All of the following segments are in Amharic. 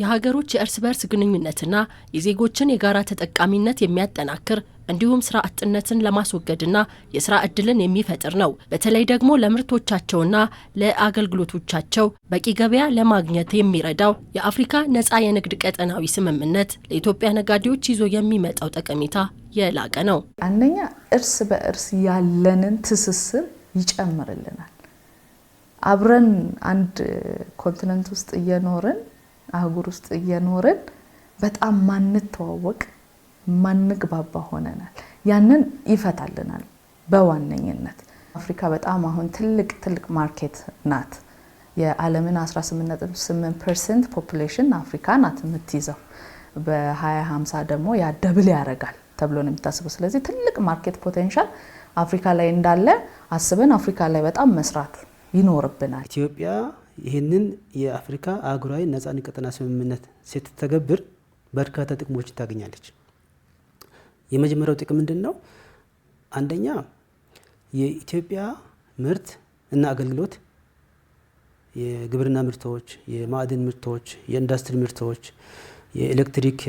የሀገሮች የእርስ በርስ ግንኙነትና የዜጎችን የጋራ ተጠቃሚነት የሚያጠናክር እንዲሁም ስራ አጥነትን ለማስወገድና የስራ እድልን የሚፈጥር ነው። በተለይ ደግሞ ለምርቶቻቸውና ለአገልግሎቶቻቸው በቂ ገበያ ለማግኘት የሚረዳው የአፍሪካ ነጻ የንግድ ቀጠናዊ ስምምነት ለኢትዮጵያ ነጋዴዎች ይዞ የሚመጣው ጠቀሜታ የላቀ ነው። አንደኛ እርስ በእርስ ያለንን ትስስር ይጨምርልናል። አብረን አንድ ኮንቲነንት ውስጥ እየኖርን አህጉር ውስጥ እየኖርን በጣም ማንተዋወቅ ማንግባባ ሆነናል። ያንን ይፈታልናል በዋነኝነት አፍሪካ በጣም አሁን ትልቅ ትልቅ ማርኬት ናት። የዓለምን 18.8 ፐርሰንት ፖፑሌሽን አፍሪካ ናት የምትይዘው። በ2050 ደግሞ ያ ደብል ያደርጋል ተብሎ ነው የሚታስበው። ስለዚህ ትልቅ ማርኬት ፖቴንሻል አፍሪካ ላይ እንዳለ አስበን አፍሪካ ላይ በጣም መስራት ይኖርብናል። ኢትዮጵያ ይህንን የአፍሪካ አህጉራዊ ነፃ ቀጠና ስምምነት ስትተገብር በርካታ ጥቅሞችን ታገኛለች። የመጀመሪያው ጥቅም ምንድን ነው? አንደኛ የኢትዮጵያ ምርት እና አገልግሎት የግብርና ምርቶች፣ የማዕድን ምርቶች፣ የኢንዱስትሪ ምርቶች፣ የኤሌክትሪክ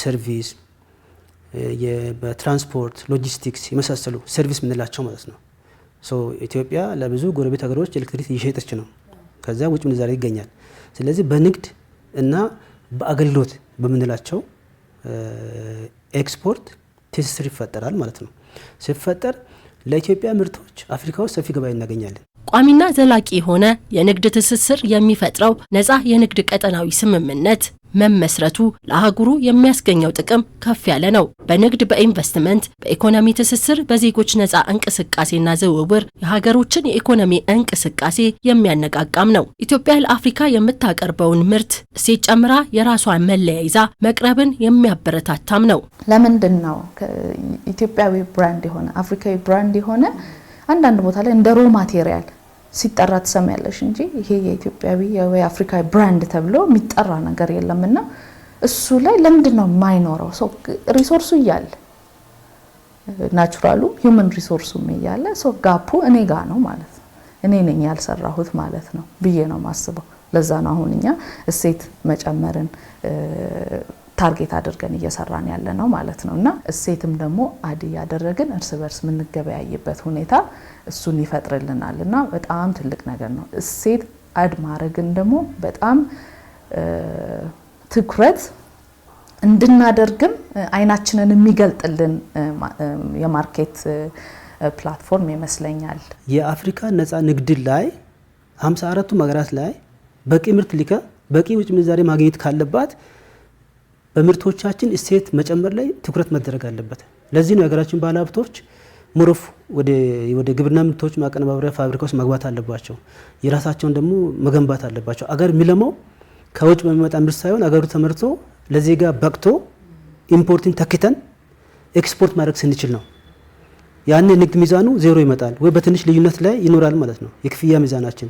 ሰርቪስ፣ በትራንስፖርት ሎጂስቲክስ የመሳሰሉ ሰርቪስ የምንላቸው ማለት ነው። ኢትዮጵያ ለብዙ ጎረቤት ሀገሮች ኤሌክትሪክ እየሸጠች ነው። ከዚያ ውጭ ምንዛሪ ይገኛል። ስለዚህ በንግድ እና በአገልግሎት በምንላቸው ኤክስፖርት ትስስር ይፈጠራል ማለት ነው። ሲፈጠር ለኢትዮጵያ ምርቶች አፍሪካ ውስጥ ሰፊ ገበያ እናገኛለን። ቋሚና ዘላቂ የሆነ የንግድ ትስስር የሚፈጥረው ነፃ የንግድ ቀጠናዊ ስምምነት መመስረቱ ለአህጉሩ የሚያስገኘው ጥቅም ከፍ ያለ ነው። በንግድ፣ በኢንቨስትመንት፣ በኢኮኖሚ ትስስር፣ በዜጎች ነፃ እንቅስቃሴና ዝውውር የሀገሮችን የኢኮኖሚ እንቅስቃሴ የሚያነቃቃም ነው። ኢትዮጵያ ለአፍሪካ የምታቀርበውን ምርት እሴት ጨምራ የራሷን መለያ ይዛ መቅረብን የሚያበረታታም ነው። ለምንድን ነው ኢትዮጵያዊ ብራንድ የሆነ አፍሪካዊ ብራንድ የሆነ አንዳንድ ቦታ ላይ እንደ ሮ ማቴሪያል ሲጠራ ትሰሚያለሽ እንጂ ይሄ የኢትዮጵያዊ ወይ አፍሪካዊ ብራንድ ተብሎ የሚጠራ ነገር የለም። እና እሱ ላይ ለምንድን ነው የማይኖረው ሰው ሪሶርሱ እያለ ናቹራሉ ሂውመን ሪሶርሱም እያለ ሰው ጋፑ እኔ ጋ ነው ማለት ነው። እኔ ነኝ ያልሰራሁት ማለት ነው ብዬ ነው ማስበው። ለዛ ነው አሁን እኛ እሴት መጨመርን ታርጌት አድርገን እየሰራን ያለ ነው ማለት ነው እና እሴትም ደግሞ አድ እያደረግን እርስ በርስ የምንገበያይበት ሁኔታ እሱን ይፈጥርልናል እና በጣም ትልቅ ነገር ነው። እሴት አድ ማድረግን ደግሞ በጣም ትኩረት እንድናደርግም አይናችንን የሚገልጥልን የማርኬት ፕላትፎርም ይመስለኛል። የአፍሪካ ነፃ ንግድ ላይ 54ቱ ሀገራት ላይ በቂ ምርት ሊከ በቂ ውጭ ምንዛሬ ማግኘት ካለባት በምርቶቻችን እሴት መጨመር ላይ ትኩረት መደረግ አለበት። ለዚህ ነው የሀገራችን ባለ ሀብቶች ወደ ግብርና ምርቶች ማቀነባበሪያ ፋብሪካዎች መግባት አለባቸው። የራሳቸውን ደግሞ መገንባት አለባቸው። አገር የሚለማው ከውጭ በሚመጣ ምርት ሳይሆን አገሩ ተመርቶ ለዜጋ በቅቶ ኢምፖርትን ተክተን ኤክስፖርት ማድረግ ስንችል ነው። ያን ንግድ ሚዛኑ ዜሮ ይመጣል ወይ በትንሽ ልዩነት ላይ ይኖራል ማለት ነው የክፍያ ሚዛናችን።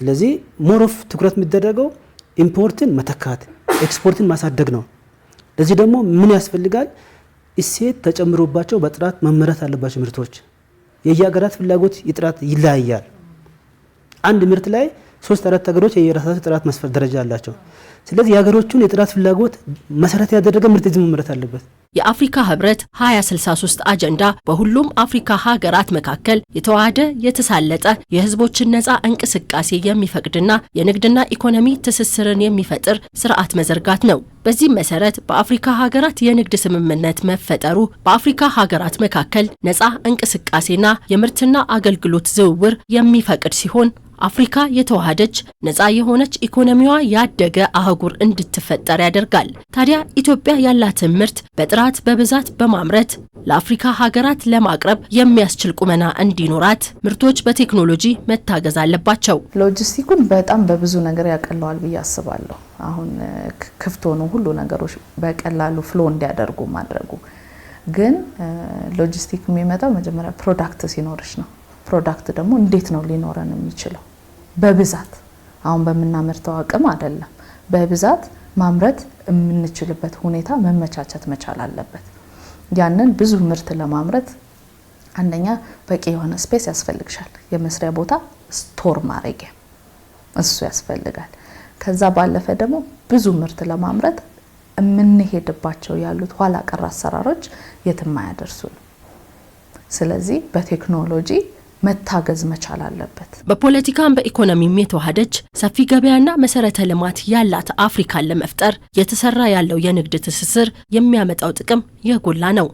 ስለዚህ ሞሮፍ ትኩረት የሚደረገው ኢምፖርትን መተካት ኤክስፖርትን ማሳደግ ነው። ለዚህ ደግሞ ምን ያስፈልጋል? እሴት ተጨምሮባቸው በጥራት መመረት አለባቸው ምርቶች። የየሀገራት ፍላጎት የጥራት ይለያያል። አንድ ምርት ላይ ሶስት አራት ሀገሮች የራሳቸው ጥራት መስፈር ደረጃ አላቸው። ስለዚህ የሀገሮቹን የጥራት ፍላጎት መሰረት ያደረገ ምርት መመረት አለበት። የአፍሪካ ህብረት 2063 አጀንዳ በሁሉም አፍሪካ ሀገራት መካከል የተዋሃደ የተሳለጠ የህዝቦችን ነፃ እንቅስቃሴ የሚፈቅድና የንግድና ኢኮኖሚ ትስስርን የሚፈጥር ስርዓት መዘርጋት ነው። በዚህም መሰረት በአፍሪካ ሀገራት የንግድ ስምምነት መፈጠሩ በአፍሪካ ሀገራት መካከል ነፃ እንቅስቃሴና የምርትና አገልግሎት ዝውውር የሚፈቅድ ሲሆን አፍሪካ የተዋሃደች ነጻ የሆነች ኢኮኖሚዋ ያደገ አህጉር እንድትፈጠር ያደርጋል። ታዲያ ኢትዮጵያ ያላትን ምርት በጥራት በብዛት በማምረት ለአፍሪካ ሀገራት ለማቅረብ የሚያስችል ቁመና እንዲኖራት ምርቶች በቴክኖሎጂ መታገዝ አለባቸው። ሎጂስቲኩን በጣም በብዙ ነገር ያቀለዋል ብዬ አስባለሁ። አሁን ክፍት ሆኖ ሁሉ ነገሮች በቀላሉ ፍሎ እንዲያደርጉ ማድረጉ ግን ሎጂስቲክ የሚመጣው መጀመሪያ ፕሮዳክት ሲኖርሽ ነው ፕሮዳክት ደግሞ እንዴት ነው ሊኖረን የሚችለው? በብዛት አሁን በምናመርተው አቅም አይደለም። በብዛት ማምረት የምንችልበት ሁኔታ መመቻቸት መቻል አለበት። ያንን ብዙ ምርት ለማምረት አንደኛ በቂ የሆነ ስፔስ ያስፈልግሻል። የመስሪያ ቦታ ስቶር ማድረጊያ እሱ ያስፈልጋል። ከዛ ባለፈ ደግሞ ብዙ ምርት ለማምረት የምንሄድባቸው ያሉት ኋላ ቀር አሰራሮች የትም ነው። ስለዚህ በቴክኖሎጂ መታገዝ መቻል አለበት። በፖለቲካም በኢኮኖሚም የተዋሃደች ሰፊ ገበያና መሰረተ ልማት ያላት አፍሪካን ለመፍጠር የተሰራ ያለው የንግድ ትስስር የሚያመጣው ጥቅም የጎላ ነው።